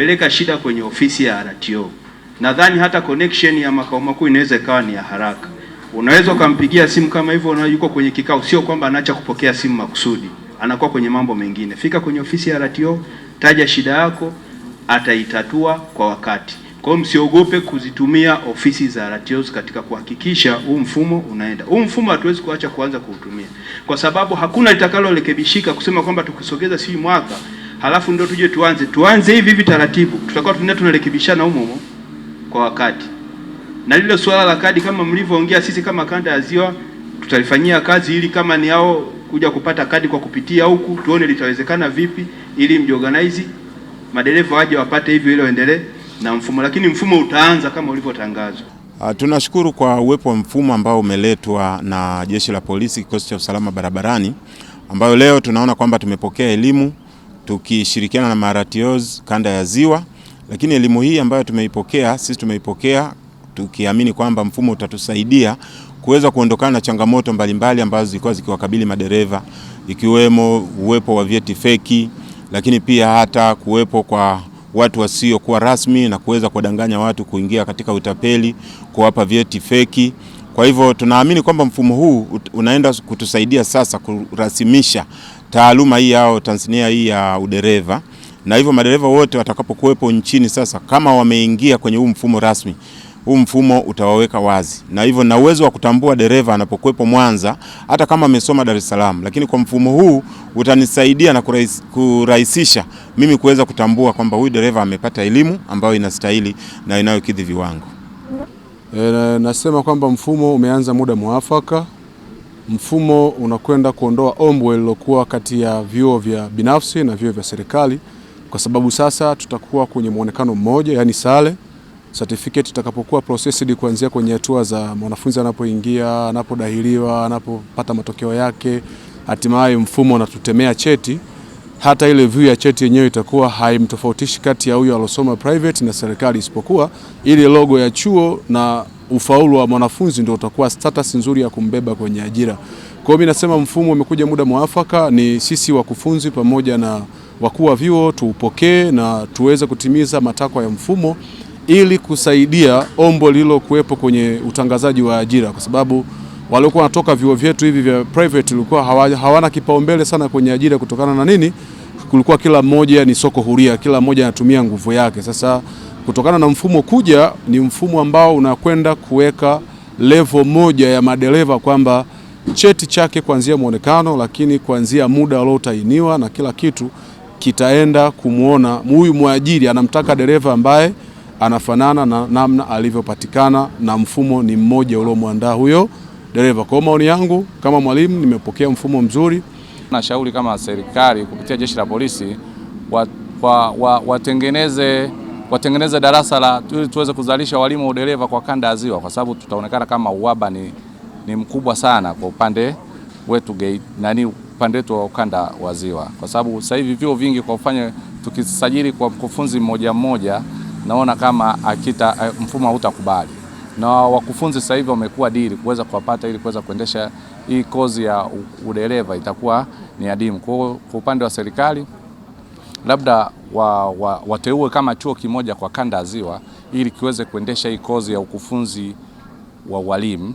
inapeleka shida kwenye ofisi ya RTO. Nadhani hata connection ya makao makuu inaweza ikawa ni ya haraka. Unaweza ukampigia simu kama hivyo, na yuko kwenye kikao, sio kwamba anaacha kupokea simu makusudi, anakuwa kwenye mambo mengine. Fika kwenye ofisi ya RTO, taja shida yako, ataitatua kwa wakati. Kwa hiyo msiogope kuzitumia ofisi za RTOs katika kuhakikisha huu mfumo unaenda. Huu mfumo hatuwezi kuacha kuanza kuutumia, kwa sababu hakuna litakalorekebishika kusema kwamba tukisogeza si mwaka halafu ndio tuje tuanze tuanze hivi hivi taratibu, tutakuwa tunaenda tunarekebishana humo humo kwa wakati. Na lile swala la kadi kama mlivyoongea, sisi kama kanda ya Ziwa tutalifanyia kazi, ili kama ni hao kuja kupata kadi kwa kupitia huku, tuone litawezekana vipi, ili mjiorganize madereva waje wapate hivyo, ile waendelee na mfumo, lakini mfumo utaanza kama ulivyotangazwa. Uh, Tunashukuru kwa uwepo wa mfumo ambao umeletwa na Jeshi la Polisi, kikosi cha usalama barabarani, ambayo leo tunaona kwamba tumepokea elimu tukishirikiana na Maratios kanda ya Ziwa. Lakini elimu hii ambayo tumeipokea sisi tumeipokea tukiamini kwamba mfumo utatusaidia kuweza kuondokana na changamoto mbalimbali ambazo zilikuwa zikiwakabili madereva ikiwemo uwepo wa vyeti feki, lakini pia hata kuwepo kwa watu wasiokuwa rasmi na kuweza kuwadanganya watu kuingia katika utapeli, kuwapa vyeti feki. Kwa hivyo tunaamini kwamba mfumo huu unaenda kutusaidia sasa kurasimisha taaluma hii yao Tanzania hii ya udereva, na hivyo madereva wote watakapokuwepo nchini sasa, kama wameingia kwenye huu mfumo rasmi, huu mfumo utawaweka wazi, na hivyo na uwezo wa kutambua dereva anapokuwepo Mwanza, hata kama amesoma Dar es Salaam, lakini kwa mfumo huu utanisaidia na kurahisisha mimi kuweza kutambua kwamba huyu dereva amepata elimu ambayo inastahili na inayokidhi viwango. E, nasema kwamba mfumo umeanza muda mwafaka mfumo unakwenda kuondoa ombwe lilokuwa kati ya vyuo vya binafsi na vyuo vya serikali, kwa sababu sasa tutakuwa kwenye muonekano mmoja, yani sale certificate itakapokuwa processed kuanzia kwenye hatua za mwanafunzi anapoingia, anapodahiliwa, anapopata matokeo yake, hatimaye mfumo unatutemea cheti hata ile view ya cheti yenyewe itakuwa haimtofautishi kati ya huyo alosoma private na serikali, isipokuwa ile logo ya chuo na ufaulu wa mwanafunzi ndio utakuwa status nzuri ya kumbeba kwenye ajira. Kwa hiyo mimi nasema mfumo umekuja muda mwafaka, ni sisi wakufunzi pamoja na wakuu wa vyuo tuupokee na tuweze kutimiza matakwa ya mfumo ili kusaidia ombo lililokuwepo kwenye utangazaji wa ajira kwa sababu waliokuwa wanatoka vyuo vyetu hivi vya private ilikuwa hawana kipaumbele sana kwenye ajira kutokana na nini? Kulikuwa kila mmoja ni soko huria, kila mmoja anatumia nguvu yake. Sasa kutokana na mfumo kuja, ni mfumo ambao unakwenda kuweka level moja ya madereva kwamba cheti chake kuanzia mwonekano, lakini kuanzia muda aliotainiwa na kila kitu kitaenda kumwona huyu mwajiri anamtaka dereva ambaye anafanana na namna alivyopatikana, na mfumo ni mmoja uliomwandaa huyo dereva. Kwa maoni yangu kama mwalimu, nimepokea mfumo mzuri. Nashauri kama serikali kupitia jeshi la polisi wa, wa, wa, watengeneze watengeneze darasa la tuweze kuzalisha walimu wa udereva kwa kanda ya Ziwa, kwa sababu tutaonekana kama uhaba ni, ni mkubwa sana kwa upande wetu nani upande wetu wa ukanda wa Ziwa, kwa sababu sasa hivi vyuo vingi kwa kufanya tukisajili kwa mkufunzi mmoja mmoja, naona kama akita eh, mfumo hautakubali na wakufunzi sasa hivi wamekuwa dili kuweza kuwapata ili kuweza kuendesha hii kozi ya udereva itakuwa ni adimu. Kwa kwa upande wa serikali labda wa, wa, wateue kama chuo kimoja kwa kanda ya Ziwa ili kiweze kuendesha hii kozi ya ukufunzi wa walimu.